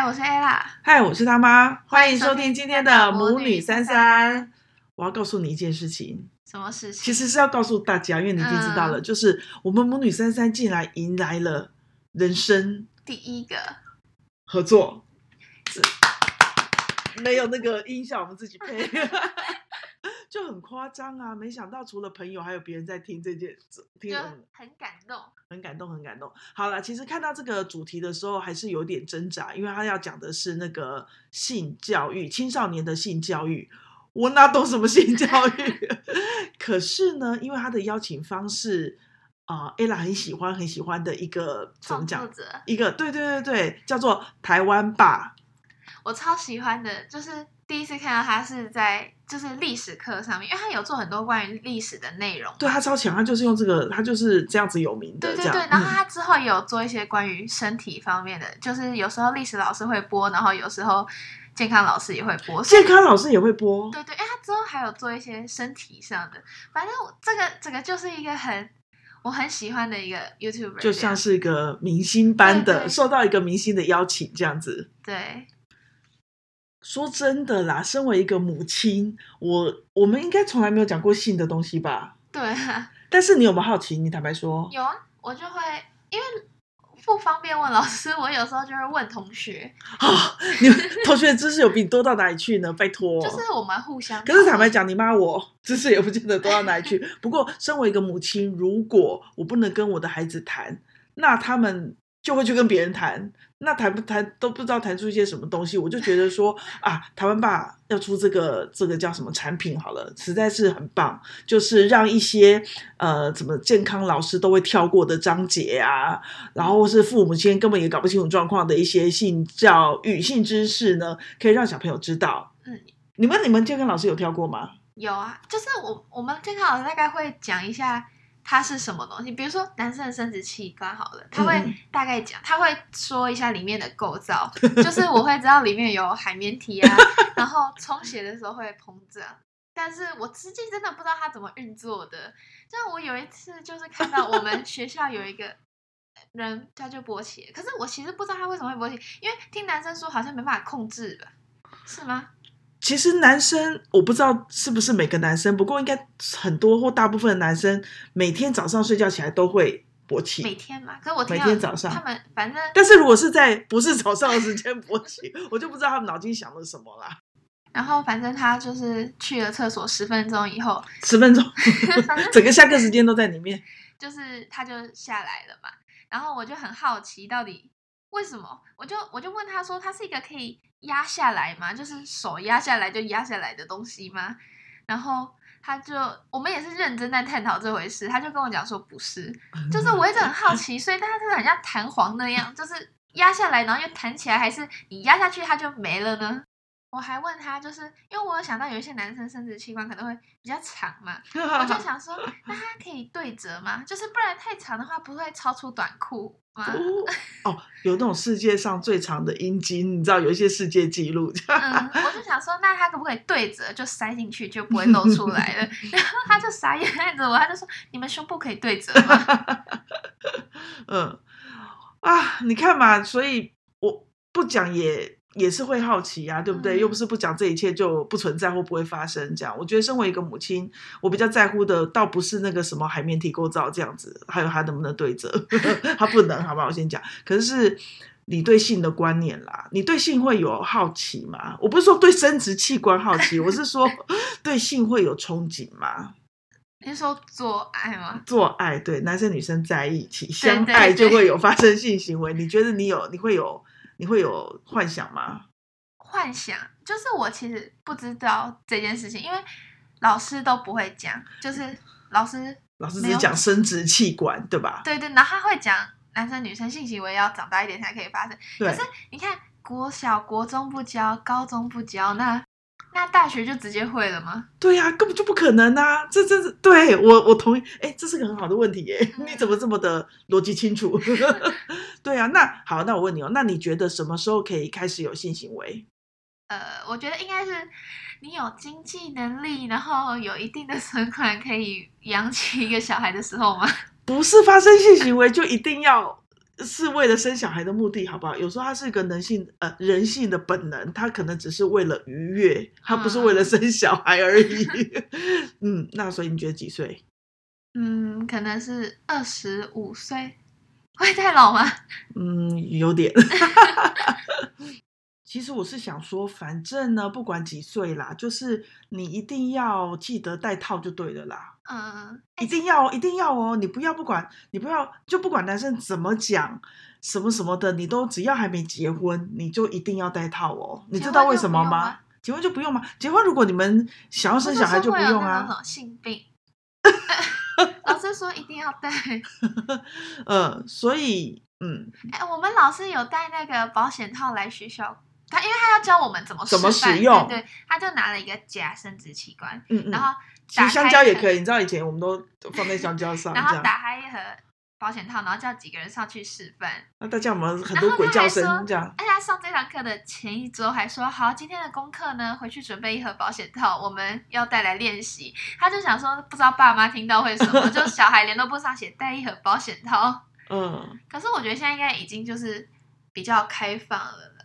嗨，我是 Ella。嗨，我是他媽。歡迎收聽今天的母女三三。我要告訴你一件事情。什麼事情？其實是要告訴大家，因為你已經知道了，呃、就是我們母女三三，竟然迎來了人生第一個合作。 沒有那個音效，我們自己配， 就很誇張啊！沒想到除了朋友，還有別人在聽這件事，就聽我們很感動。很感動，很感動。好啦，其實看到這個主題的時候，還是有點掙扎，因為他要講的是那個性教育，青少年的性教育，我哪懂什麼性教育？ 可是呢，因為他的邀請方式啊、呃、，Ella 很喜歡，很喜歡的一個怎麼講？一個對對對對，叫做台灣吧，我超喜歡的，就是第一次看到他是在。就是歷史課上面，因為他有做很多關於歷史的內容。對，他超強，他就是用這個，他就是這樣子有名的。對對對，然後他之後也有做一些關於身體方面的，嗯、就是有時候歷史老師會播，然後有時候健康老師也會播。健康老師也會播？對，對對，因為他之後還有做一些身體上的，反正這個這個就是一個很我很喜歡的一個 YouTuber，就像是一個明星般的，對對對，受到一個明星的邀請這樣子。對。說真的啦，身為一個母親，我我們應該從來沒有講過性的東西吧？對啊。但是你有沒有好奇？你坦白說，有啊，我就會因為不方便問老師，我有時候就是問同學啊、哦。你們 同學知識有比你多到哪裡去呢？拜託。就是我們互相。可是坦白講，你媽，我知識也不見得多到哪裡去。 不過，身為一個母親，如果我不能跟我的孩子談，那他們。就會去跟別人談，那談不談都不知道談出一些什麼東西。我就覺得說啊，台灣爸要出這個這個叫什麼產品好了，實在是很棒。就是讓一些呃，什麼健康老師都會跳過的章節啊，然後是父母親根本也搞不清楚狀況的一些性教育、性知識呢，可以讓小朋友知道。嗯，你們你們健康老師有跳過嗎？有啊，就是我我們健康老師大概會講一下。它是什麼東西？比如說男生的生殖器官好了，他會大概講，他會說一下裡面的構造，就是我會知道裡面有海綿體啊，然後充血的時候會膨脹。但是我實際真的不知道它怎麼運作的。就我有一次就是看到我們學校有一個人，他就勃起，可是我其實不知道他為什麼會勃起，因為聽男生說好像沒辦法控制吧，是嗎？其實男生我不知道是不是每個男生，不過應該很多或大部分的男生每天早上睡覺起來都會勃起。每天嘛，可是我聽每天早上他們反正，但是如果是在不是早上的時間勃起， 我就不知道他們腦筋想的什麼啦。然後反正他就是去了廁所十分鐘以後，十分鐘，整個下課時間都在裡面。 就是他就下來了嘛，然後我就很好奇到底為什麼，我就我就問他說，他是一個可以。壓下來嘛，就是手壓下來就壓下來的東西嗎？然後他就，我們也是認真在探討這回事。他就跟我講說，不是，就是我一直很好奇，所以它真的很像彈簧那樣，就是壓下來然後又彈起來，還是你壓下去它就沒了呢？我還問他，就是因為我想到有一些男生生殖器官可能會比較長嘛， 我就想說，那他可以對折嗎？就是不然太長的話，不會超出短褲嗎？ 哦，有那種世界上最長的陰莖，你知道有一些世界紀錄、 嗯。我就想說，那他可不可以對折，就塞進去，就不會露出來了？ 然後他就傻眼，看着我他就說，你們胸部可以對折嗎？ 嗯，啊，你看嘛，所以我不講也。也是會好奇呀，啊，對不對，嗯，又不是不講這一切就不存在或不會發生。這樣，我覺得身為一個母親，我比較在乎的倒不是那個什麼海綿體構造這樣子，還有它能不能對折，它不能， 好吧，我先講。可是，是你對性的觀念啦，你對性會有好奇嗎？我不是說對生殖器官好奇，我是說對性會有憧憬嗎？你說做愛嗎？做愛，對，男生女生在一起相愛就會有發生性行為。對對對，你覺得你有，你會有？你會有幻想嗎？幻想就是我其實不知道這件事情，因為老師都不會講，就是老師老師只講生殖器官，對吧？對對，然後他會講男生女生性行為要長大一點才可以發生。可是你看，國小、國中不教，高中不教，那。那大學就直接會了嗎？對呀、啊，根本就不可能啊！這這是對，我我同意。誒、欸、這是個很好的問題耶！嗯、你怎麼這麼的邏輯清楚？ 對啊，那好，那我問你哦，那你覺得什麼時候可以開始有性行為？呃，我覺得應該是你有經濟能力，然後有一定的存款，可以養起一個小孩的時候嗎？不是發生性行為就一定要。 是為了生小孩的目的，好不好？有時候它是一個人性，呃，人性的本能，它可能只是為了愉悅，它不是為了生小孩而已。啊、 嗯，那所以你覺得幾歲？嗯，可能是二十五歲，會太老嗎？嗯，有點。 其實我是想說，反正呢，不管幾歲啦，就是你一定要記得戴套就對了啦。嗯、欸，一定要哦，一定要哦！你不要不管，你不要就不管男生怎麼講什麼什麼的，你都只要還沒結婚，你就一定要戴套哦。你知道為什麼嗎？結婚就不用嗎？結婚，結婚如果你們想要生小孩就不用啊。我性病， 老師說一定要戴。嗯，所以嗯，哎、欸，我們老師有帶那個保險套來學校，他因為他要教我們怎麼怎麼使用，對，對，他就拿了一個假生殖器官，嗯，嗯，然後。其實香蕉也可以，你知道以前我們都放在香蕉上。然後打開一盒保險套，然後叫幾個人上去示範。那、啊、大家，有沒有很多鬼叫聲？而且他上這堂課的前一周還說：“好，今天的功課呢，回去準備一盒保險套，我們要帶來練習。”他就想說：“不知道爸媽聽到會什麼？就小孩聯絡簿上寫帶一盒保險套。”嗯。可是我覺得現在應該已經就是比較開放了。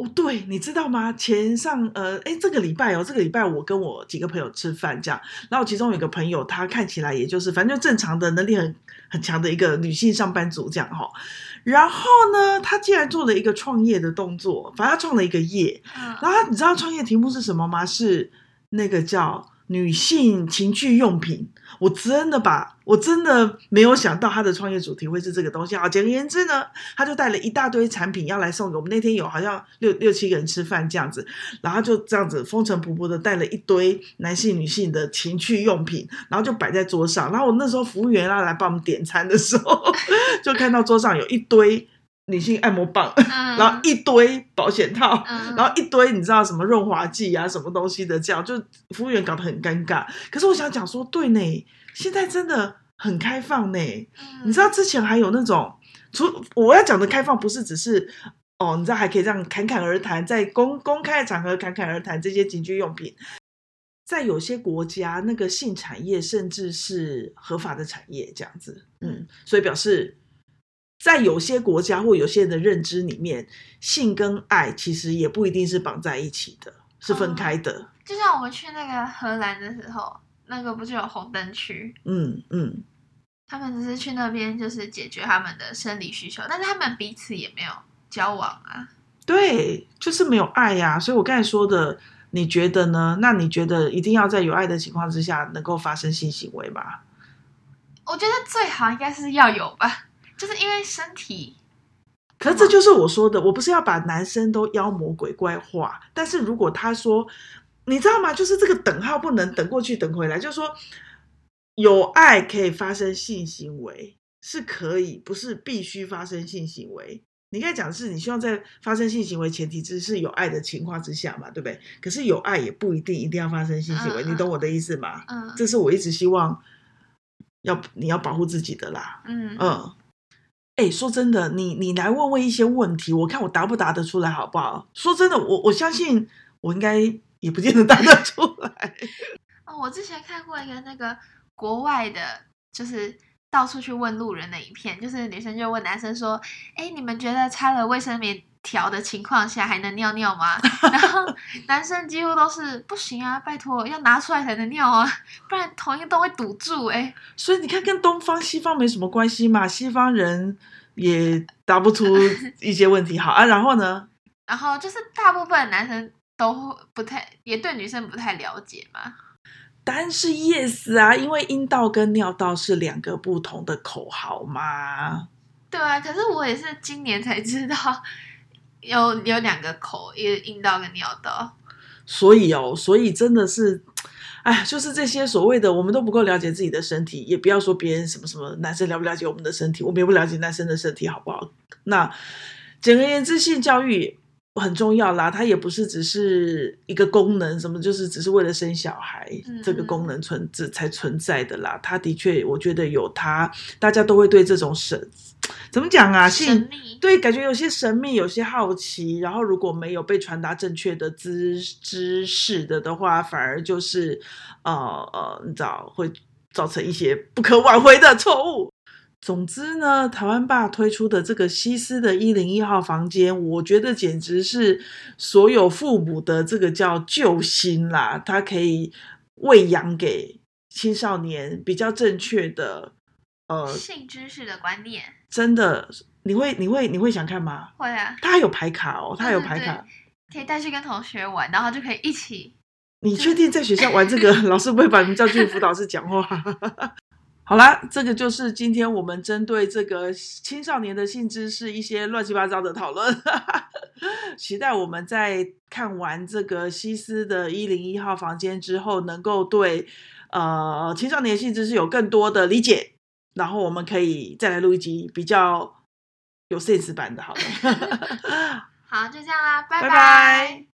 哦，對，你知道嗎？前上呃，哎、欸，這個禮拜哦，這個禮拜我跟我幾個朋友吃飯，這樣，然後其中有一個朋友，她看起來也就是反正就正常的能力很很強的一個女性上班族，這樣哈、哦。然後呢，她竟然做了一個創業的動作，反正他創了一個業。嗯、然後你知道創業題目是什麼嗎？是那個叫。女性情趣用品，我真的把我真的沒有想到他的創業主題會是這個東西啊。簡而言之呢，他就帶了一大堆產品要來送給我們。那天有好像六六七個人吃飯這樣子，然後就這樣子風塵僕僕的帶了一堆男性、女性的情趣用品，然後就擺在桌上。然後我那時候服務員要來幫我們點餐的時候， 就看到桌上有一堆。女性按摩棒、嗯，然後一堆保險套、嗯，然後一堆你知道什麼潤滑劑啊，什麼東西的，這樣就服務員搞得很尷尬。可是我想講說，對呢，現在真的很開放呢，嗯。你知道之前還有那種，除我要講的開放，不是只是哦，你知道還可以這樣侃侃而談，在公公開的場合侃侃而談這些情趣用品，在有些國家那個性產業甚至是合法的產業，這樣子，嗯，所以表示。在有些國家或有些人的認知裡面，性跟愛其實也不一定是綁在一起的，是分開的。嗯、就像我們去那個荷蘭的時候，那個不就有紅燈區？嗯嗯，他們只是去那邊就是解決他們的生理需求，但是他們彼此也沒有交往啊。對，就是沒有愛呀、啊。所以我剛才說的，你覺得呢？那你覺得一定要在有愛的情況之下能夠發生性行為吧？我覺得最好應該是要有吧。就是因為身體，可是這就是我說的，我不是要把男生都妖魔鬼怪化。但是如果他說，你知道嗎？就是這個等號不能等過去等回來，就是說有愛可以發生性行為是可以，不是必須發生性行為。你應該講的是，你希望在發生性行為前提之是有愛的情況之下嘛，對不對？可是有愛也不一定一定要發生性行為，嗯，你懂我的意思嗎？嗯，這是我一直希望要你要保護自己的啦。嗯嗯。哎、欸，說真的，你你來問問一些問題，我看我答不答得出來，好不好？說真的，我我相信我應該也不見得答得出來。 哦，我之前看過一個那個國外的，就是到處去問路人的影片，就是女生就問男生說：“哎、欸，你們覺得插了衛生棉？”條的情況下還能尿尿嗎？ 然後男生幾乎都是不行啊，拜託要拿出來才能尿啊，不然同一個洞會堵住哎、欸。所以你看，跟東方西方沒什麼關係嘛，西方人也答不出一些問題好。好 啊，然後呢？然後就是大部分男生都不太也對女生不太了解嘛。答案是 yes 啊，因為陰道跟尿道是兩個不同的口號嘛。對啊，可是我也是今年才知道。有有兩個口，一個陰道跟尿道。所以哦，所以真的是，哎，就是這些所謂的我們都不夠了解自己的身體，也不要說別人什麼什麼男生了不了解我們的身體，我們也不了解男生的身體，好不好？那總而言之，性教育很重要啦，它也不是只是一個功能，什麼就是只是為了生小孩、嗯、這個功能存才存在的啦。他的確，我覺得有他，大家都會對這種事。怎麼講啊？性，神秘，對，感覺有些神秘，有些好奇。然後如果沒有被傳達正確的知知識的的話，反而就是，呃呃，你知道會造成一些不可挽回的錯誤。總之呢，台灣吧推出的這個西斯的一零一號房間，我覺得簡直是所有父母的這個叫救星啦！他可以餵養給青少年比較正確的，呃，性知識的觀念真的，你會你會你會想看嗎？會啊，他還有牌卡哦，他有牌卡，可以帶去跟同學玩，然後就可以一起。你確定在學校玩這個？哎、老師不會把你們叫去輔導室講話？ 好啦，這個就是今天我們針對這個青少年的性知識一些亂七八糟的討論。 期待我們在看完這個西斯的一零一號房間之後，能夠對呃青少年的性知識有更多的理解。然後我們可以再來錄一集比較有現實版的，好了。 好，就這樣啦，拜拜。Bye bye